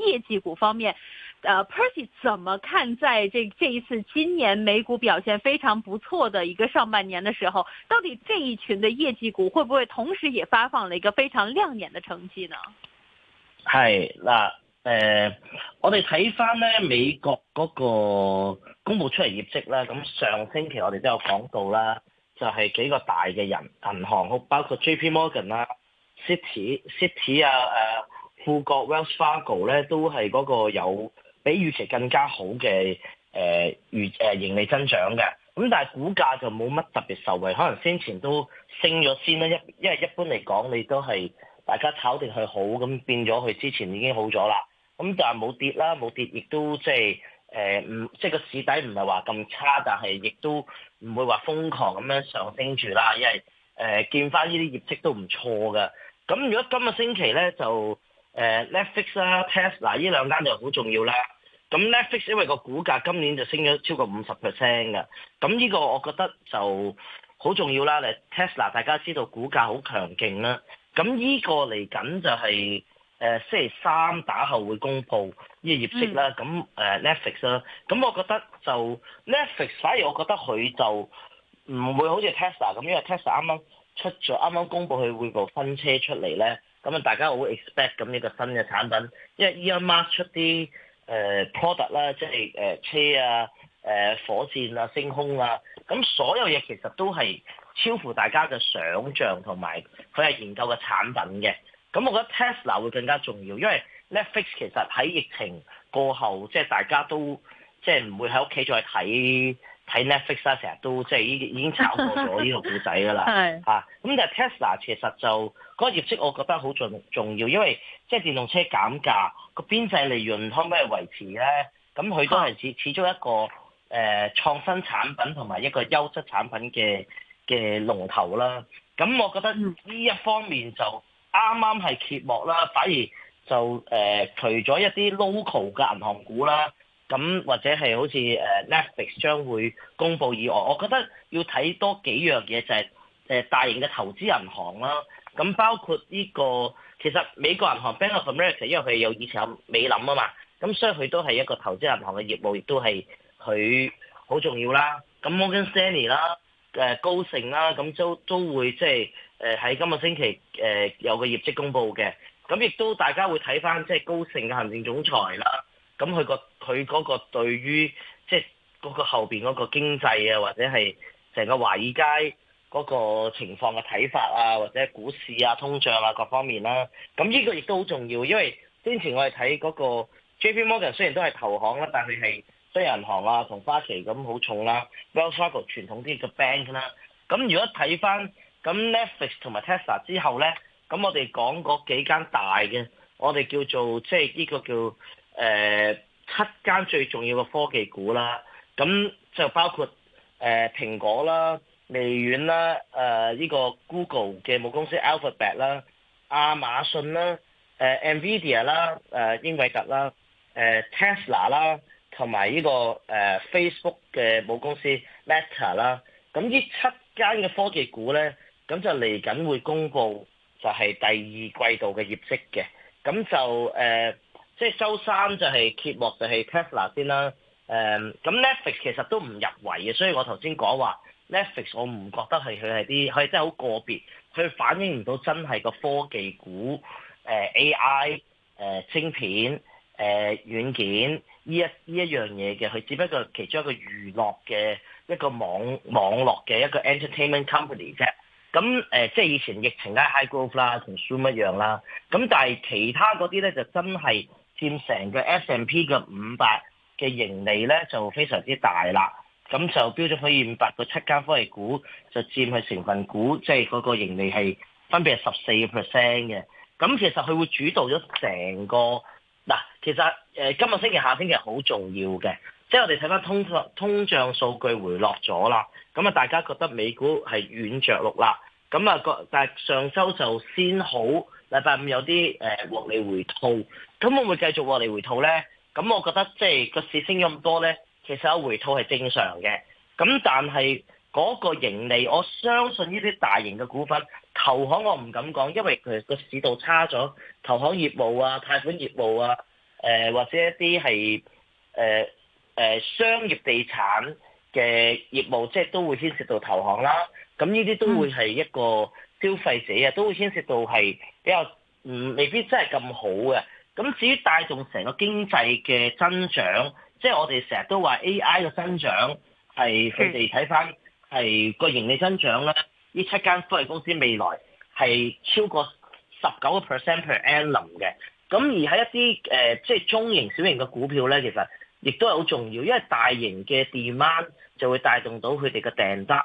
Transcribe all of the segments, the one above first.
業績股方面，呃，Percy 怎麼看？在這這一次今年美股表現非常不錯的一個上半年的時候，到底這一群的業績股會不會同時也發放了一個非常亮眼的成績呢？係嗱，誒、呃，我哋睇翻咧美國嗰個公布出嚟業績啦。咁上星期我哋都有講到啦，就係幾個大嘅人銀行，好包括 JP Morgan 啦，City City 啊，誒。富國、Wells Fargo 咧都係嗰個有比預期更加好嘅誒月誒盈利增長嘅，咁但係股價就冇乜特別受惠，可能先前都先升咗先啦，一因為一般嚟講你都係大家炒定佢好，咁變咗佢之前已經好咗啦，咁但係冇跌啦，冇跌亦都即係誒唔即係個市底唔係話咁差，但係亦都唔會話瘋狂咁樣上升住啦，因為誒見翻呢啲業績都唔錯嘅，咁如果今日星期咧就。誒、uh, Netflix 啦，Tesla 呢兩間就好重要啦。咁 Netflix 因為個股價今年就升咗超過五十 percent 嘅，咁呢個我覺得就好重要啦。嚟 Tesla 大家知道股價好強勁啦，咁呢個嚟緊就係、是、誒、呃、星期三打後會公佈呢個業績啦。咁、嗯 uh, Netflix 啦，咁我覺得就 Netflix 反而我覺得佢就唔會好似 Tesla 咁，因為 Tesla 啱啱出咗，啱啱公佈佢會部分車出嚟咧。咁啊，大家好 expect 咁呢個新嘅產品，因為依、e、家 Musk 出啲 product 啦，即係車啊、火箭啊、星空啊，咁所有嘢其實都係超乎大家嘅想象同埋佢係研究嘅產品嘅。咁我覺得 Tesla 會更加重要，因為 Netflix 其實喺疫情過後，即係大家都即係唔會喺屋企再睇。喺 Netflix 啊，成日都即係已經已經炒過咗呢個股仔㗎啦，嚇咁 是、啊、但係 Tesla 其實就嗰、嗰個業績，我覺得好重重要，因為即係電動車減價個邊際利潤可唔可以維持咧？咁佢都係始始終一個誒、呃、創新產品同埋一個優質產品嘅嘅龍頭啦。咁我覺得呢一方面就啱啱係揭幕啦，反而就誒、呃、除咗一啲 local 嘅銀行股啦。咁或者係好似 Netflix 將會公布以外，我覺得要睇多幾樣嘢就係大型嘅投資銀行啦。咁包括呢個其實美國銀行 Bank of America，因為佢有以前有美林啊嘛，咁所以佢都係一個投資銀行嘅業務，亦都係佢好重要啦。咁 Morgan Stanley 啦，高盛啦，咁都都會即係喺今個星期有個業績公布嘅。咁亦都大家會睇返即係高盛嘅行政總裁啦。咁佢個佢嗰個對於即係嗰個後面嗰個經濟啊，或者係成個華爾街嗰個情況嘅睇法啊，或者股市啊、通脹啊各方面啦、啊。咁呢個亦都好重要，因為先前我哋睇嗰個 J.P. Morgan 雖然都係投行啦、啊，但佢係商業銀行啊同花旗咁好重啦、啊。Wells Fargo 傳統啲嘅 bank 啦、啊。咁如果睇翻咁 Netflix 同埋 Tesla 之後咧，咁我哋講嗰幾間大嘅，我哋叫做即係呢個叫。誒、呃、七間最重要嘅科技股啦，咁就包括誒、呃、蘋果啦、微軟啦、誒、呃、呢、這個 Google 嘅母公司 Alphabet 啦、亞馬遜啦、呃、Nvidia 啦、呃、英偉特啦、呃、Tesla 啦，同埋呢個、呃、Facebook 嘅母公司 Meta 啦。咁呢七間嘅科技股咧，咁就嚟緊會公布就係第二季度嘅業績嘅，咁就誒。呃即係周三就係揭幕就係 Tesla 先啦、嗯，誒咁 Netflix 其實都唔入圍嘅，所以我頭先講話 Netflix 我唔覺得係佢係啲，佢真係好個別，佢反映唔到真係個科技股、呃、AI，誒、呃、晶片，呃、軟件呢一呢一樣嘢嘅，佢只不過係其中一個娛樂嘅一個網網絡嘅一個 entertainment company 啫。咁、呃、即係以前疫情咧，High Growth 啦同 Zoom 一樣啦，咁但係其他嗰啲咧就真係。佔成個 S&P 嘅五百嘅盈利咧，就非常之大啦。咁就標準普爾五百個七間科技股就佔係成份股，即係嗰個盈利係分別係十四 percent 嘅。咁其實佢會主導咗成個嗱，其實誒、呃、今日星期下星期好重要嘅，即係我哋睇翻通通脹數據回落咗啦。咁啊，大家覺得美股係軟着陸啦。咁啊，個但係上週就先好，禮拜五有啲誒、呃、獲利回吐。咁會唔會繼續落嚟回吐咧？咁我覺得即係個市升咁多咧，其實有回吐係正常嘅。咁但係嗰個盈利，我相信呢啲大型嘅股份投行我唔敢講，因為佢個市道差咗。投行業務啊、貸款業務啊、呃、或者一啲係誒商業地產嘅業務，即、就、係、是、都會牽涉到投行啦。咁呢啲都會係一個消費者啊，都會牽涉到係比較唔未必真係咁好嘅。咁至於帶動成個經濟嘅增長，即係我哋成日都話 A.I. 嘅增長係佢哋睇返係個盈利增長咧，呢七間科技公司未來係超過十九個 percent per annum 嘅。咁而喺一啲誒，即係中型、小型嘅股票咧，其實亦都係好重要，因為大型嘅 demand 就會帶動到佢哋嘅訂單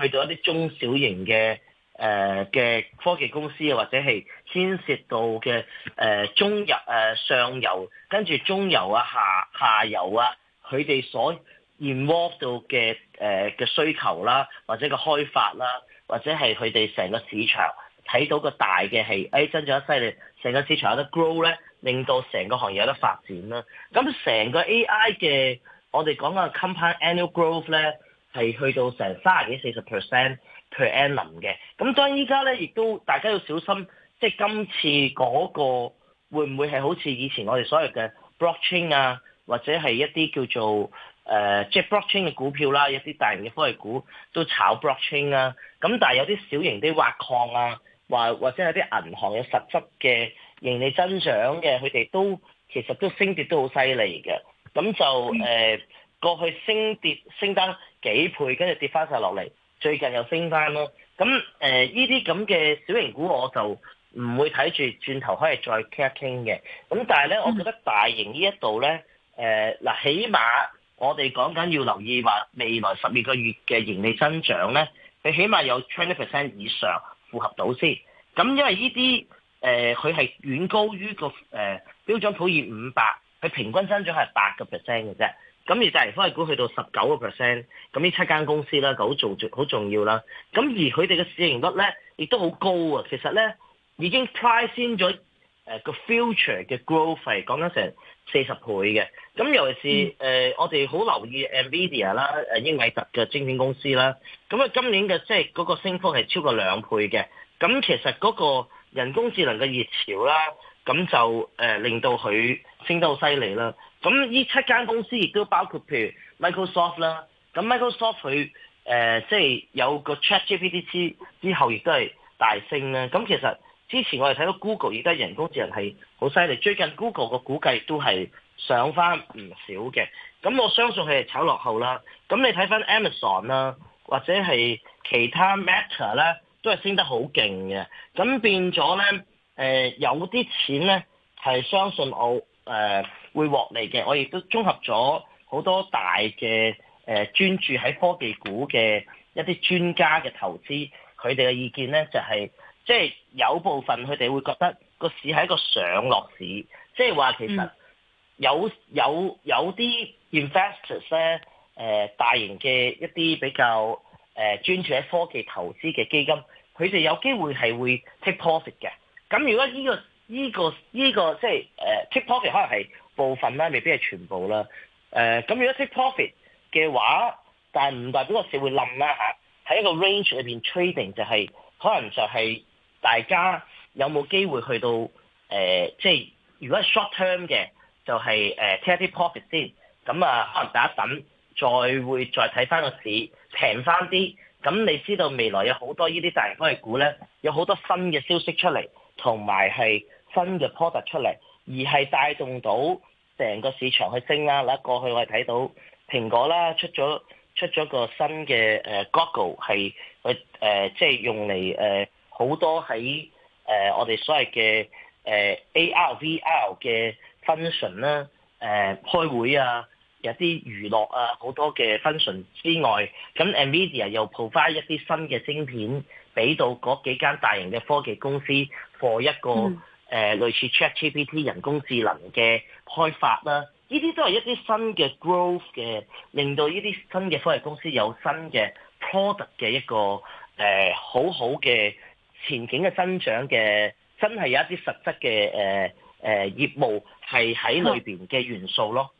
去到一啲中小型嘅。誒嘅、呃、科技公司，或者係牽涉到嘅誒、呃、中游、誒、呃、上游，跟住中游啊下下游啊，佢哋所 involve 到嘅誒嘅需求啦，或者個開發啦，或者係佢哋成個市場睇到個大嘅係誒增長得犀利，成個市場有得 grow 咧，令到成個行業有得發展啦。咁成個 AI 嘅我哋講嘅 compound annual growth 咧，係去到成三十幾四十 percent。per annum 嘅，咁當然依家咧，亦都大家要小心，即係今次嗰個會唔會係好似以前我哋所謂嘅 blockchain 啊，或者係一啲叫做誒即、呃、係、就是、blockchain 嘅股票啦，一啲大型嘅科技股都炒 blockchain 啊，咁但係有啲小型啲挖礦啊，或或者有啲銀行有實質嘅盈利增長嘅，佢哋都其實都升跌都好犀利嘅，咁就、呃、過去升跌升得幾倍，跟住跌翻晒落嚟。最近又升翻咯，咁誒呢啲咁嘅小型股我就唔會睇住，轉頭可以再傾一傾嘅，咁但係咧，我覺得大型呢一度咧，誒、呃、嗱，起碼我哋講緊要留意話未來十二個月嘅盈利增長咧，佢起碼有 twenty percent 以上符合到先，咁因為呢啲誒佢係遠高於個誒、呃、標準普爾五百，佢平均增長係八個 percent 嘅啫。咁而大型科技股去到十九個 percent，咁呢七間公司咧，好做好重要啦。咁而佢哋嘅市盈率咧，亦都好高啊。其實咧，已經 price in 咗個 future 嘅 growth，講緊成四十倍嘅。咁尤其是我哋好留意 Nvidia 啦、嗯、英偉達嘅晶片公司啦。咁啊，今年嘅即係嗰個升幅係超過兩倍嘅。咁其實嗰個人工智能嘅熱潮啦，咁就令到佢升得好犀利啦。咁呢七間公司亦都包括譬如 Microsoft 啦，咁 Microsoft 佢誒即、呃、係、就是、有個 ChatGPT 之後，亦都係大升啦。咁其實之前我哋睇到 Google 而家人工智能係好犀利，最近 Google 個估計都係上翻唔少嘅。咁我相信佢係炒落後啦。咁你睇翻 Amazon 啦，或者係其他 Meta 咧，都係升得好勁嘅。咁變咗咧，誒、呃、有啲錢咧係相信我。誒、呃、會獲利嘅，我亦都綜合咗好多大嘅誒、呃、專注喺科技股嘅一啲專家嘅投資，佢哋嘅意見咧就係、是，即、就、係、是、有部分佢哋會覺得個市係一個上落市，即係話其實有有有啲 investors 咧誒、呃、大型嘅一啲比較誒、呃、專注喺科技投資嘅基金，佢哋有機會係會 take profit 嘅。咁如果呢、這個呢、這個依、這個即係誒、uh, take profit 可能係部分啦，未必係全部啦。誒、uh, 咁如果 take profit 嘅話，但係唔代表個市會冧啦嚇。喺一個 range 裏面 trading 就係、是、可能就係大家有冇機會去到誒、uh, 即係如果係 short term 嘅就係、是、誒、uh, take 啲 profit 先。咁啊，可能大家等再會再睇翻個市平翻啲。咁你知道未來有好多呢啲大型科技股咧，有好多新嘅消息出嚟，同埋係。新嘅 product 出嚟，而係帶動到成個市場去升啦。嗱，過去我哋睇到蘋果啦，出咗出咗個新嘅 Goggle 係即係、呃就是、用嚟誒好多喺、呃、我哋所謂嘅、呃、ARVR 嘅 function 啦、呃，誒開會啊，有啲娛樂啊，好多嘅 function 之外，咁 Nvidia 又 provide 一啲新嘅晶片俾到嗰幾間大型嘅科技公司，貨一個。嗯誒類似 ChatGPT 人工智能嘅開發啦，呢啲都係一啲新嘅 growth 嘅，令到呢啲新嘅科技公司有新嘅 product 嘅一個誒、呃、好好嘅前景嘅增長嘅，真係有一啲實質嘅誒誒業務係喺裏邊嘅元素咯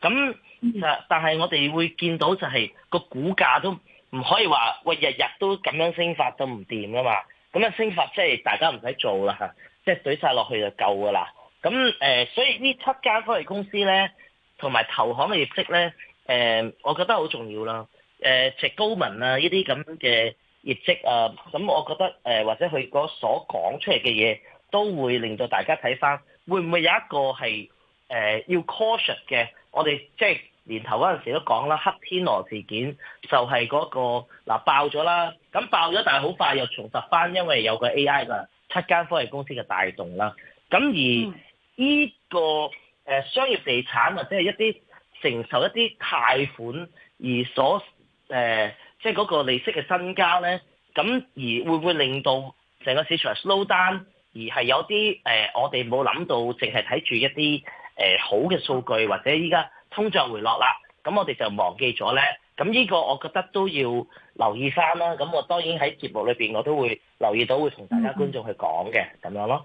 咁、啊嗯、但係我哋會見到就係個股價都唔可以話喂，日日都咁樣升發都唔掂㗎嘛。咁樣升發即係大家唔使做啦嚇。即係懟晒落去就夠噶啦，咁誒、呃，所以呢七間科技公司咧，同埋投行嘅業績咧，誒、呃，我覺得好重要啦。誒、呃，高文啊，呢啲咁嘅業績啊，咁我覺得誒、呃，或者佢所講出嚟嘅嘢，都會令到大家睇翻，會唔會有一個係誒、呃、要 caution 嘅？我哋即係年頭嗰陣時都講啦，黑天鵝事件就係嗰、那個嗱爆咗啦，咁爆咗，但係好快又重拾翻，因為有個 AI 㗎。七間科技公司嘅帶動啦，咁而呢個誒商業地產或者係一啲承受一啲貸款而所誒即係嗰個利息嘅身家咧，咁而會唔會令到成個市場 slow down 而係有啲誒、呃、我哋冇諗到淨係睇住一啲誒、呃、好嘅數據，或者依家通脹回落啦，咁我哋就忘記咗咧。咁呢個我覺得都要留意返啦。咁我當然喺節目裏面，我都會留意到，會同大家觀眾去講嘅咁樣咯。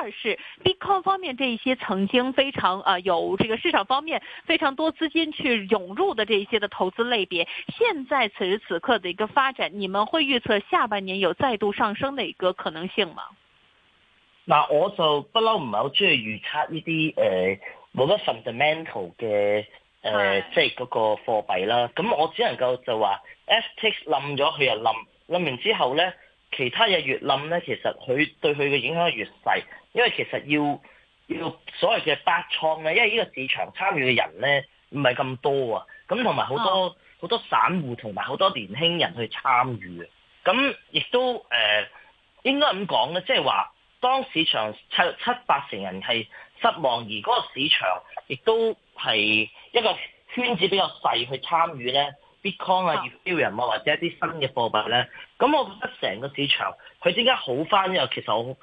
二是 Bitcoin 方面，這一些曾經非常啊、呃、有這個市場方面非常多資金去湧入的這一些的投資類別，現在此時此刻的一個發展，你們會預測下半年有再度上升的一個可能性嗎？嗱，我就不嬲唔係好中意預測呢啲誒冇乜 fundamental 嘅誒，呃的呃、是即係嗰個貨幣啦。咁我只能夠就話，FTX 冧咗佢又冧，冧完之後咧。其他嘢越冧咧，其實佢對佢嘅影響越細，因為其實要要所謂嘅爆倉咧，因為呢個市場參與嘅人咧唔係咁多啊，咁同埋好多好、嗯、多散戶同埋好多年輕人去參與，咁亦都誒、呃、應該咁講咧，即係話當市場七七八成人係失望，而嗰個市場亦都係一個圈子比較細去參與咧。Bitcoin 啊、以太幣啊或者一啲新嘅貨幣咧，咁我覺得成個市場佢點解好翻咧？又其實我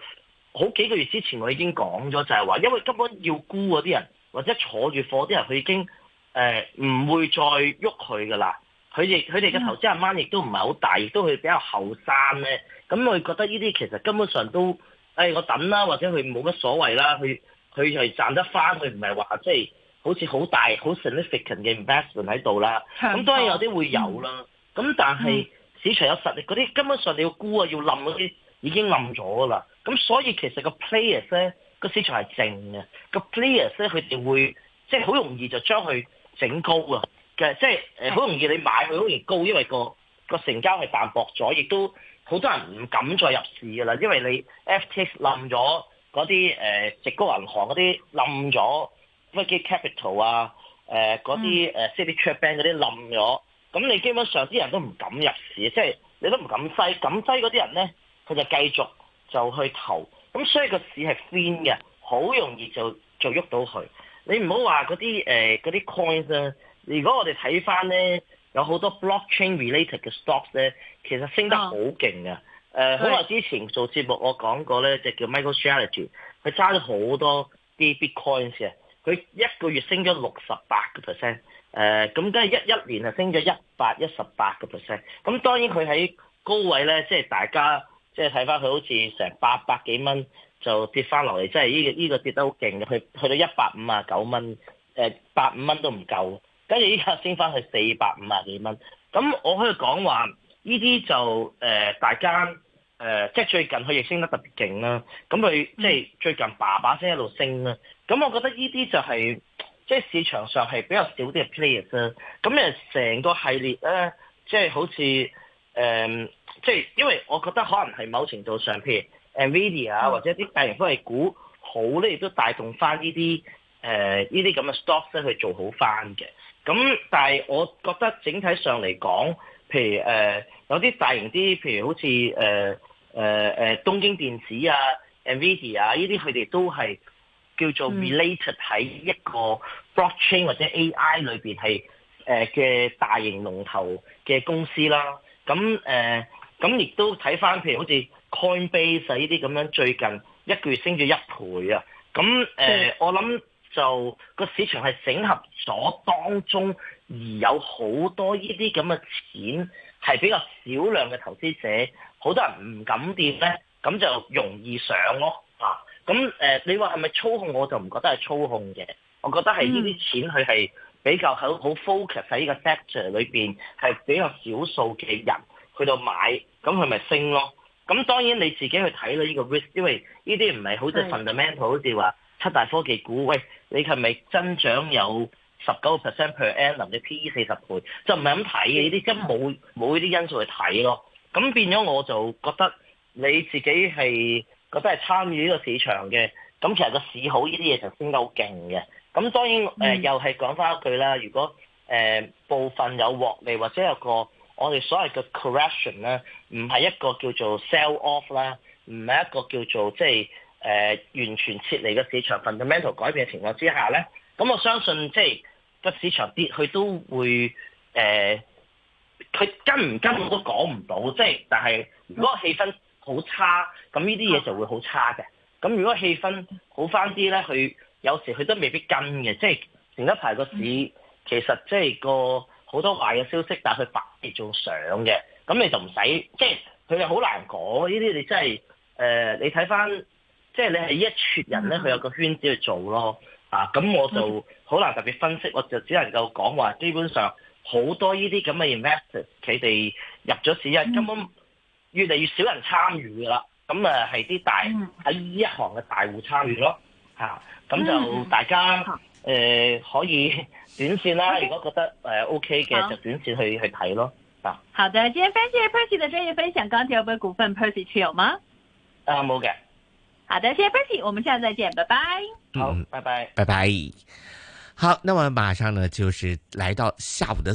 好幾個月之前我已經講咗就係話，因為根本要沽嗰啲人或者坐住貨啲人，佢已經誒唔、呃、會再喐佢噶啦。佢哋佢哋嘅投資人閂亦都唔係好大，亦都係比較後生咧。咁我覺得呢啲其實根本上都誒、哎、我等啦，或者佢冇乜所謂啦。佢佢係賺得翻，佢唔係話即係。好似好大好 significant 嘅 investment 喺度啦，咁當然有啲會有啦。咁但係市場有實力嗰啲，根本上你要沽啊，要冧嗰啲已經冧咗噶啦。咁所以其實個 players 咧，個市場係靜嘅。個 players 咧，佢哋會即係好容易就將佢整高啊，即係好容易你買佢好容易高，因為個個成交係淡薄咗，亦都好多人唔敢再入市噶啦，因為你 FTX 冧咗，嗰啲直沽銀行嗰啲冧咗。乜嘢 capital 啊？誒嗰啲誒，即係啲 short bank 嗰啲冧咗，咁、啊、你基本上啲人都唔敢入市，即、就、係、是、你都唔敢追。敢追嗰啲人咧，佢就繼續就去投。咁所以個市係偏嘅，好、嗯、容易就就喐到佢。你唔好話嗰啲嗰啲 coins 啊。如果我哋睇翻咧，有好多 blockchain related 嘅 stocks 咧、啊，其實升得好勁、哦、啊。誒對，好耐之前做節目，我講過咧，就叫 MicroStrategy，佢揸咗好多啲 bitcoin 啊。佢一個月升咗六十八個 percent，誒咁即係一一年就升咗一百一十八個 percent。咁當然佢喺高位咧，即係大家即係睇翻佢好似成八百幾蚊就跌翻落嚟，即係呢個呢個跌得好勁嘅，去去到一百五啊九蚊，誒八五蚊都唔夠。跟住依家升翻去四百五啊幾蚊。咁我可以講話呢啲就誒大家誒，即係最近佢亦升得特別勁啦。咁佢即係最近爸叭聲一路升啦。咁我覺得呢啲就係、是、即係市場上係比較少啲嘅 player 啫、啊。咁誒成個系列咧，即、就、係、是、好似誒，即、嗯、係、就是、因為我覺得可能係某程度上，譬如 Nvidia 啊，或者啲大型科技股好咧，亦都帶動翻呢啲誒呢啲咁嘅 stock 咧去做好翻嘅。咁但係我覺得整體上嚟講，譬如誒、呃、有啲大型啲，譬如好似誒誒誒東京電子啊、Nvidia 啊呢啲，佢哋都係。叫做 related 喺一個 blockchain 或者 AI 裏面係嘅、呃、大型龍頭嘅公司啦，咁誒咁亦都睇翻，譬如好似 Coinbase 呢啲咁樣，最近一個月升咗一倍啊！咁、呃、我諗就個市場係整合咗當中而有好多呢啲咁嘅錢，係比較少量嘅投資者，好多人唔敢跌咧，咁就容易上咯，啊！咁誒，你話係咪操控？我就唔覺得係操控嘅，我覺得係呢啲錢佢係、嗯、比較好好 focus 喺呢個 sector 裏邊，係比較少數嘅人去到買，咁佢咪升咯。咁當然你自己去睇咧，呢個 risk，因為呢啲唔係好似 fundamental，好似話七大科技股，喂，你係咪增長有十九 percent per annum 嘅 P E 四十倍？就唔係咁睇嘅呢啲，咁冇冇呢啲因素去睇咯。咁變咗我就覺得你自己係。覺得係參與呢個市場嘅，咁其實個市好呢啲嘢頭先都好勁嘅。咁當然、呃、又係講翻一句啦。如果誒、呃、部分有獲利或者有個我哋所謂嘅 correction 咧，唔係一個叫做 sell off 啦，唔係一個叫做即係誒、呃、完全撤離嘅市場 fundamental 改變嘅情況之下咧，咁我相信即係個市場啲，佢都會誒，佢跟唔跟我都講唔到。即係但係嗰個氣氛，好差，咁呢啲嘢就會好差嘅。咁如果氣氛好翻啲咧，佢有時佢都未必跟嘅。即係成一排個市其實即係個好多壞嘅消息，但係佢反而仲上嘅。咁你就唔使，即係佢哋好難講。呢啲你真係誒、呃，你睇翻即係你係一撮人咧，佢有個圈子去做咯。啊，咁我就好難特別分析，我就只能夠講話，基本上好多呢啲咁嘅 investor 佢哋入咗市啊，根本、嗯。越嚟越少人參與啦，咁啊係啲大喺呢、嗯、一行嘅大戶參與咯，嚇、啊、咁就大家、嗯呃、可以短線啦、啊，嗯、如果覺得誒 O K 嘅就短線去去睇咯，啊、好的，今日多謝 Percy 嘅專業分享，剛才有冇股份 Percy 持有嗎？啊冇嘅。的好的，謝，謝 Percy，我們下次再見，拜拜。嗯、好，拜拜，拜拜。好，那麼馬上呢，就是來到下午的。